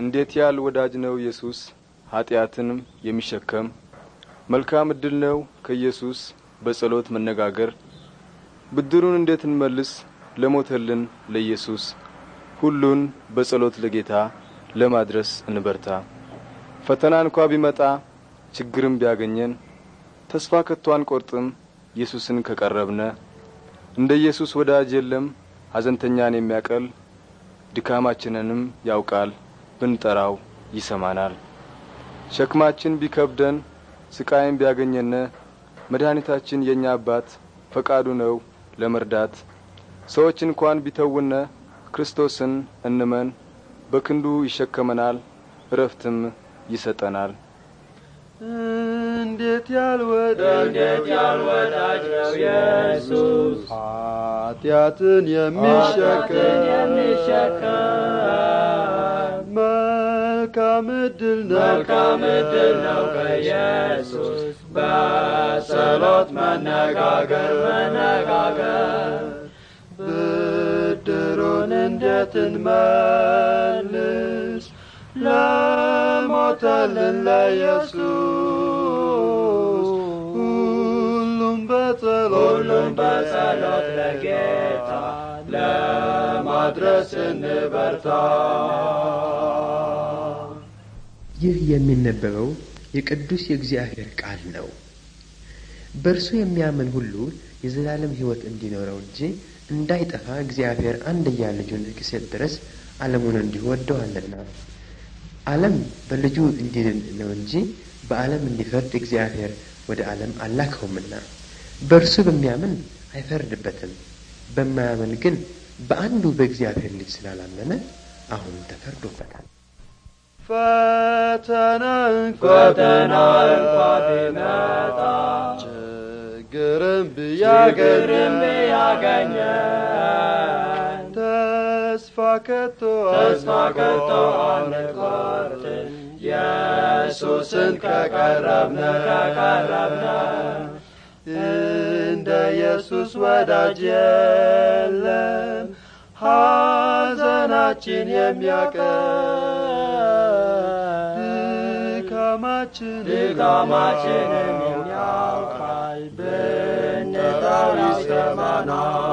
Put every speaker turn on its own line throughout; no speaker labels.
እንዴት ያል ወዳጅ ነው ኢየሱስ ኃጢአትንም የሚሸከም መልካም እድል ነው ከኢየሱስ በጸሎት መነጋገር ብድሩን እንዴት እንመልስ ለሞተልን ለኢየሱስ ሁሉን በጸሎት ለጌታ ለማድረስ እንበርታ። ፈተና እንኳ ቢመጣ ችግርም ቢያገኘን ተስፋ ከቶ አንቆርጥም። ኢየሱስን ከቀረብነ እንደ ኢየሱስ ወዳጅ የለም። ሐዘንተኛን የሚያቀል ድካማችንንም ያውቃል፣ ብንጠራው ይሰማናል። ሸክማችን ቢከብደን ስቃይም ቢያገኘነ መድኃኒታችን የእኛ አባት ፈቃዱ ነው ለመርዳት። ሰዎች እንኳን ቢተውነ ክርስቶስን እንመን፣ በክንዱ ይሸከመናል፣ እረፍትም ይሰጠናል።
እንዴት ያልወዳጅ ነው ኢየሱስ ኃጢአትን የሚሸከም መልካም ዕድል ነው መልካም ዕድል ነው ከኢየሱስ በጸሎት መነጋገር መነጋገር ብድሩን እንዴት እንመልስ ሞተልን ለኢየሱስ ሁሉም በጸሎት ለጌታ ለማድረስ እንበርታ። ይህ የሚነበበው የቅዱስ የእግዚአብሔር ቃል ነው። በእርሱ የሚያምን ሁሉ የዘላለም ሕይወት እንዲኖረው እንጂ እንዳይጠፋ እግዚአብሔር አንድያ ልጁን እስኪሰጥ ድረስ ዓለሙን እንዲሁ ወደዋልና። ዓለም በልጁ እንዲድን ነው እንጂ በዓለም እንዲፈርድ እግዚአብሔር ወደ ዓለም አላከውምና በእርሱ በሚያምን አይፈርድበትም። በማያምን ግን በአንዱ በእግዚአብሔር ልጅ ስላላመነ አሁን ተፈርዶበታል። ፈተና ችግርም ብያገኘ Yes, fakatu أسمعكتو عن القارة يسوس كقربنا كقربنا عند يسوس ወዳጅ የለም ሐዘናችን የሚያቀል ድካማችን ድካማችን የሚያውቃል ብንጠራው ይሰማናል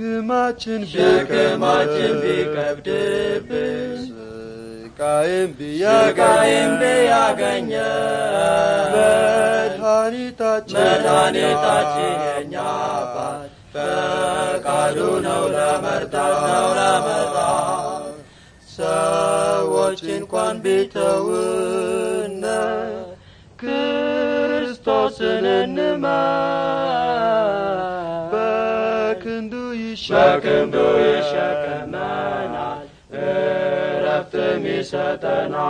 ሸክማችን ሸክማችን ቢከብድብን ስቃይም ቢያገኘን መድኃኒታችን መድኃኒታችን የእኛ አባት ፈቃዱ ነው ለመርዳት ነው ለመርዳት ሰዎች እንኳን ቢተውነ ክርስቶስን እንመ शकमे शकमना रक्त मे सतना